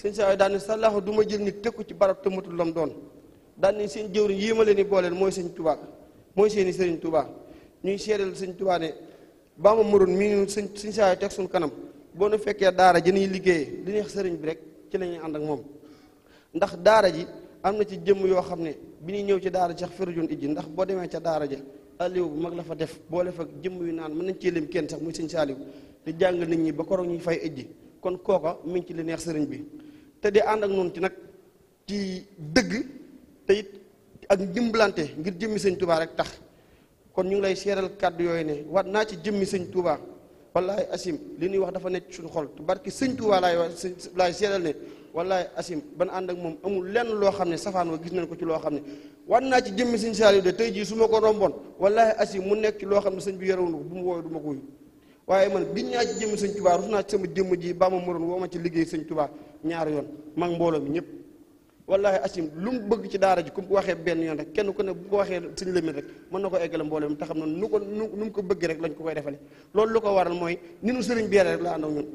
sëñ saa yi daan ne duma jël nit tëkku ci barab te matul doon daan ne seen jëwriñ yii ma leen di booleel mooy sëñ Tuubaa mooy seeni sëriñ tubaa ñuy seedal sëñ Tuubaa ne baa ma mëroon mii sëñ sëñ saa yi teg suñ kanam boo nu fekkee daara ji ñi liggéeyee li neex sëriñ bi rek ci la ñuy ànd ak moom ndax daara ji am na ci jëmm yoo xam ne bi ñuy ñëw ci daara ji sax fërëjoon ijji ndax boo demee ca daara ja aliou bu mag la fa def boole fa jëmm yu naan mën nañ cee lim kenn sax sëñ Saaliw jàng nit ñi ba koroog ñuy fay ijji kon kooka mi ngi ci li neex sëriñ bi te di ànd ak noonu ci nag ci dëgg teyit ak dimbalante ngir jëmmi sëñ Touba rek tax kon ñu ngi lay seeral kàddu yooyu ne waat naa ci jëmmi sëñ Touba wallaay asim li ñuy wax dafa nekk suñu xol barki sëñ Touba laay wax laay seeral ne ban ànd ak moom amul lenn loo xam ne safaan gis nañ ko ci loo xam ne waat naa ci jëmmi sëñ Saliou de tey jii su ma ko romboon wallaay asim mu nekk ci loo xam ne sëñ bi yorewul bu mu wooyu du ma ko wuyu waaye man biñ naa ci jëmmi sëñ Touba rus naa ci sama jëmm ji ba ma moroon woo ma ci liggéey sëñ Touba ñaari yoon mag mbooloo mi ñëpp wallahi asim lu mu bëgg ci daara ji ku waxee benn yoon rek kenn ku ne bu ko waxee suñu lëmin rek mën na ko eggale mbooloo mi te xam noonu nu ko nu mu ko bëgg rek lañ ko koy defale loolu lu ko waral mooy ni nu sëriñ bi yare rek la ànd ñun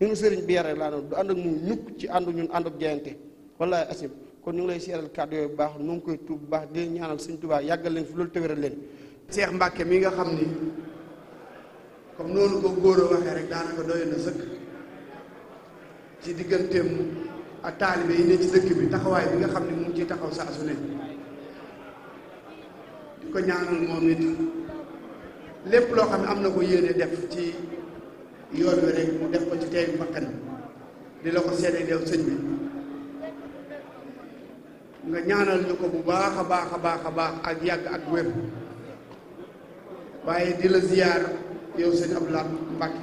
ni nu sëriñ bi yare la ànd du ànd ak mu ñukk ci àndu ñun ànd ak jayante wallahi asim kon ñu ngi lay seeral kàddu yooyu bu baax nu ngi koy tuub bu baax di ñaanal suñ tubaa yàggal leen fi loolu tëwéral leen Cheikh Mbacke mi nga xam ni comme noonu ko góor a waxee ci digganteem ak taalibe yi ne ci dëkk bi taxawaay bi nga xam ne mu ngi ciy taxaw saa su ne di ko ñaanal moom it lépp loo xam am na ko yéene def ci yoon wi rek mu def ko ci teeyu bakkan di la ko seede deew sëñ bi nga ñaanal ñu ko bu baax a baax a baax a baax ak yàgg ak wér waaye di la ziyaar yow sëñ Abdoulaye Mbacke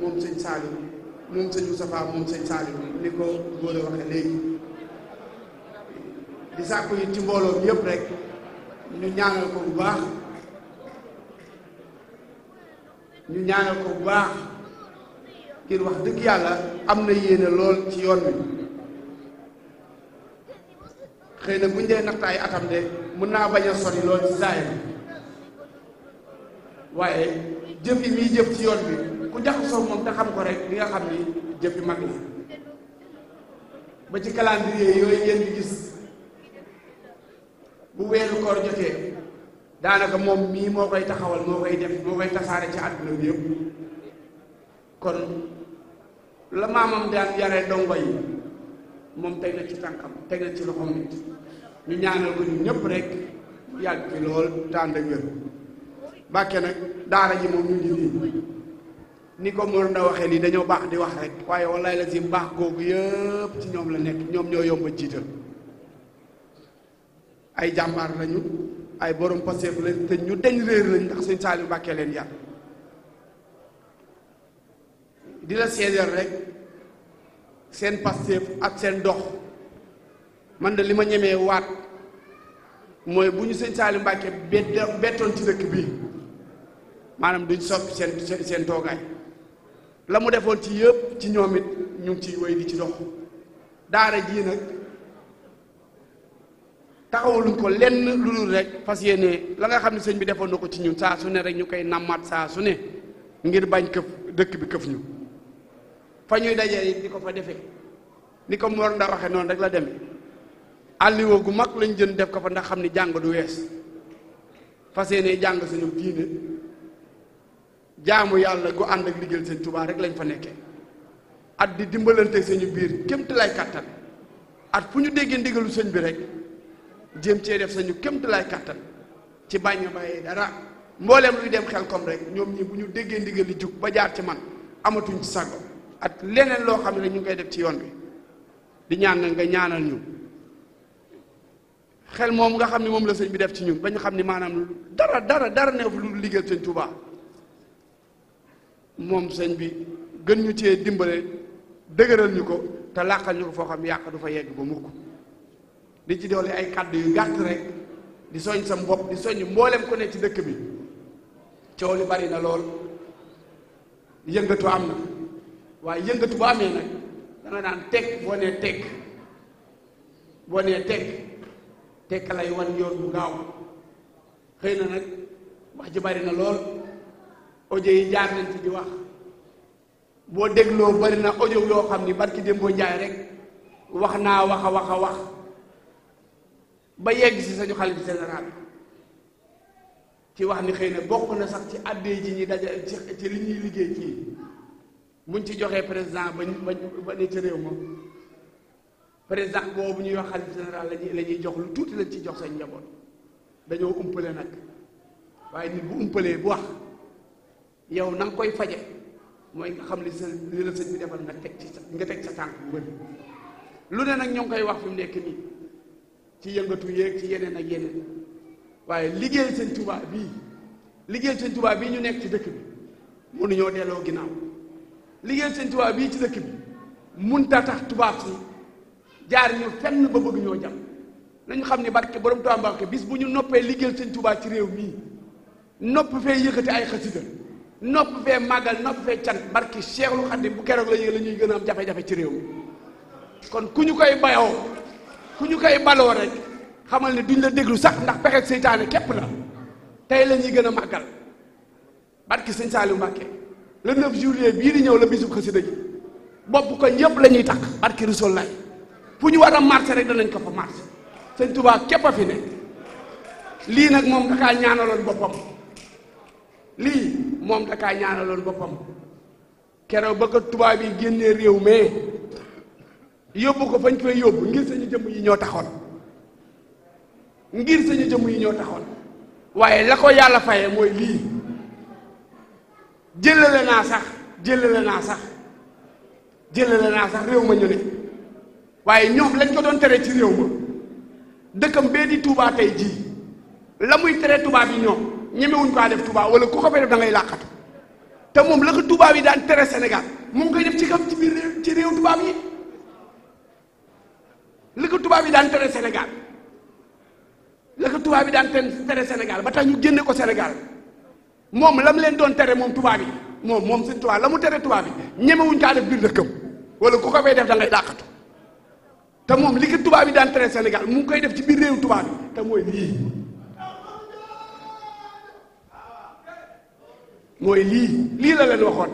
moom sëñ Saliou moom sëñ Moustapha moom sëñ Saliou ni ko góor a waxee léegi di sàkku yi ci mbooloo bi yëpp rek ñu ñaanal ko bu baax ñu ñaanal ko bu baax ngir wax dëgg yàlla am na yéene lool ci yoon wi xëy na buñ dee naxtaay atam de mën naa bañ a sori lool ci saayam waaye jëf yi muy jëf ci yoon bi ku jaxasoo moom te xam ko rek di nga xam ni jëppi mag la ba ci calendrier yooyu ngeen gis bu weeru koor jotee daanaka moom mii moo koy taxawal moo koy def moo koy tasaare ci àdduna bi yëpp kon la maamam daan yare dongo yi moom teg na ci tànkam teg na ci loxoom nit ñu ñaanal ko ñu ñëpp rek yàgg fi lool tànd ak wér bàkke nag daara ji moom ñu ngi nii ni ko Mor Ndao waxee nii dañoo baax di wax rek waaye wallaay la si baax googu yëpp ci ñoom la nekk ñoom ñoo yomb a jiital ay jàmbaar lañu ay borom paseef lañ te ñu deñ réer lañ ndax sëñ Saliou Mbacke leen yar di la seedeel rek seen paseef ak seen dox man de li ma ñemee waat mooy bu ñu sëñ Saliou Mbacke bettoon ci dëkk bi maanaam duñ soppi seen seen toogaay la mu defoon ci yëpp ci ñoom it ñu ngi ciy wéy di ci dox daara jii nag taxawaluñ ko lenn lu dul rek fas yéene la nga xam ne sëñ bi defoon na ko ci ñun saa su ne rek ñu koy nàmmaat saa su ne ngir bañ këf dëkk bi këf ñu fa ñuy dajee it di ko fa defee ni ko Mor Ndao waxee noonu rek la demee àlliwoo gu mag lañ jën def ko fa ndax xam ni jàng du wees fas yéene jàng suñu diine jaamu yàlla gu ànd ak liggéeyal seen Tuubaa rek lañu fa nekkee at di dimbalante suñu biir kémtalaay kàttan at fu ñu déggee ndigalu sëñ bi rek jéem cee def sañu kémtalaay kàttan ci bañ a bàyyee dara mbooleem luy dem xel koom rek ñoom ñi bu ñu déggee ndigal li jug ba jaar ci man amatuñ ci sago ak leneen loo xam ne ñu ngi koy def ci yoon bi di ñaan na nga ñaanal ñu xel moom nga xam ne moom la sëñ bi def ci ñu ba ñu xam ni maanaam dara dara dara neefu lu liggéeyal moom sëñ bi gën ñu cee dimbale dëgëral ñu ko te làqal ñu ko foo xam yàq du fa yegg ba mukk di ci doole ay kàddu yu gàtt rek di soñ sam bopp di soñ mboolem ko nekk ci dëkk bi coow li bari na lool yëngatu am na waaye yëngatu bu amee nag naan tekk boo nee tekk boo nee tekk tekk lay wan yoon bu gaaw xëy na nag wax ji bari na lool audio yi jaar nañ ci di wax boo dégloo bari na audio yoo xam ni barki démboo njaay rek wax naa wax a wax a wax ba yegg si sañu xalifa général ci wax ni xëy na bokk na sax ci àddee ji ñi daja ci li ñuy liggéey ci buñ ci joxee président ba bañ ba ne ci réew ma président boobu ñuy wax xalifa général lañuy la ñuy jox lu tuuti lañ ci jox sañ njaboot dañoo umpale nag waaye nit bu umpalee bu wax yow na nga koy faje mooy nga xam li sa li la sëñ bi defal nga teg sa nga teg sa tànk mbëri lu ne nag ñoo ngi koy wax fi mu nekk nii ci yëngatu yéeg ci yeneen ak yeneen waaye liggéey sëñ bii liggéey sëñ Tuubaa bii ñu nekk ci dëkk bi mënuñoo delloo ginnaaw liggéey sëñ Tuubaa bii ci dëkk bi mun ta tax tubaab si jaar ñu fenn ba bëgg ñoo jam nañu xam ne barke borom Tuubaa Mbàkke bis bu ñu noppee liggéey sëñ Tuubaa ci réew mii nopp fee yëkkati ay xasida nopp fee màggal nopp fee cant barki Seexul Xadim bu keroog la ñuy la ñuy gën a am jafe-jafe ci réew mi kon ku ñu koy bayoo ku ñu koy baloo rek xamal ne duñ la déglu sax ndax pexek seytaane képp la tey la ñuy gën a màggal barki sëñ Saliou Mbàkke le 9 juillet bii di ñëw la bisub xasida ji bopp ko yëpp la ñuy takk barki Rasuul lay fu ñu war a marché rek danañ ko fa marché sëñ Tuubaa képp a fi ne lii nag moom dakaa ñaanaloon boppam lii moom da kaa ñaanaloon boppam keroo ba ko tubaab yi génnee réew mee yóbbu ko fañ koy yóbbu ngir sañu jëmm yi ñoo taxoon ngir sañu jëmm yi ñoo taxoon waaye la ko yàlla faye mooy lii jëlale naa sax jëlale naa sax jëlale naa sax réew ma ñu ne waaye ñoom lañ ko doon tere ci réew ma dëkkam bee di Tuubaa jii la muy tere tubaab yi ñoom ñemewuñ kaa def wala ko fay def da ngay làqatu te moom la tubaab yi daan tere Sénégal mu ngi koy ci kam ci biir ci réew tubaab yi la ko tubaab yi daan tere Sénégal la ko tubaab daan tere Sénégal ba tax ñu génne ko Sénégal moom la leen doon tere moom tubaab yi moom moom seen mu tere tubaab yi ñemewuñ kaa def biir dëkkam wala ku ko da ngay làqatu te moom li ko tubaab yi daan tere Sénégal mu ngi koy def ci biir réew tubaab yi te mooy lii mooy lii lii la leen waxoon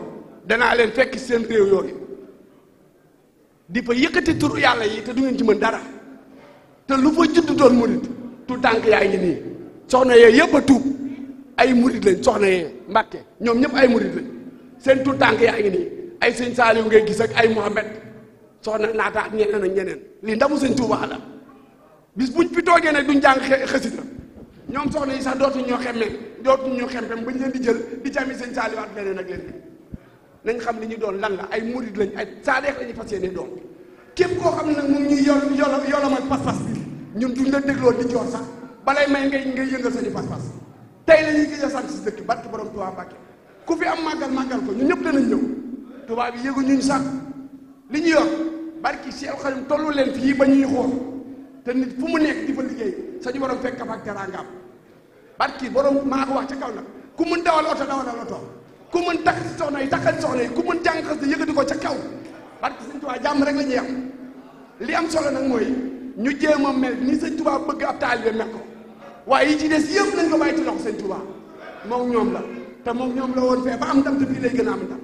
danaa leen fekk seen réew yooyu di fa yëkkati turu yàlla yi te du ngeen ci mën dara te lu fa judd doon murit tu tànk yaa ngi nii soxna yee yëpp a tuub ay murit lañ soxna yee mbàkke ñoom ñëpp ay murit lañ seen tu tànk yaa ngi nii ay sëñ Saaliw ngay gis ak ay Muhammad soxna naata ak ñeneen ak ñeneen lii ndamu sëñ Tuubaa la bis buñ fi toogee ne duñ jàng xasida ñoom soxna yi sax dootuñ ñoo xemme dootuñ ñoo xemmem bañ leen di jël di jami sëñ saaliwaat leneen ak leen nañ xam li ñu doon lan la ay murid lañ ay saadeex lañu fas yéene doon koo xam ne nag moom ñuy yol yola yolam ak pas-pas bi ñun duñ la dégloo di joor sax balay may ngay ngay yëngal sañu pas-pas tey la ñuy gis a sant si dëkk barke borom Tuubaa Mbàkke ku fi am màggal màggal ko ñun ñëpp danañ ñëw tubaab yi yëgu ñuñ sax li ñu yor barki si alxadim tollu leen fii ba ñuy xool te nit fu mu nekk di fa liggéey sañu borom fekk fa ak teraangaam barki borom maa ko wax ca kaw nag ku mën dawal oto dawalal oto ku mën takk si soxna yi takkal soxna yi ku mën jàng xas na yëkkati ko ca kaw barki sëñ Tuubaa jàmm rek la ñuy am li am solo na mooy ñu jéem a mel ni sëñ Tuubaa bëgg ab taalibe mel ko waaye yi ci des yëpp nañ ko bàyyi ci loxo sëñ Tuubaa moom ñoom la te moom ñoom la woon fee ba am ndam te fii lay gën a am ndam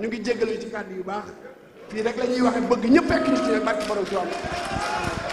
ñu ngi jéggalu ci kàddu yu baax fii rek la ñuy waxe bëgg ñëpp fekk ñu ci ne barki borom Tuubaa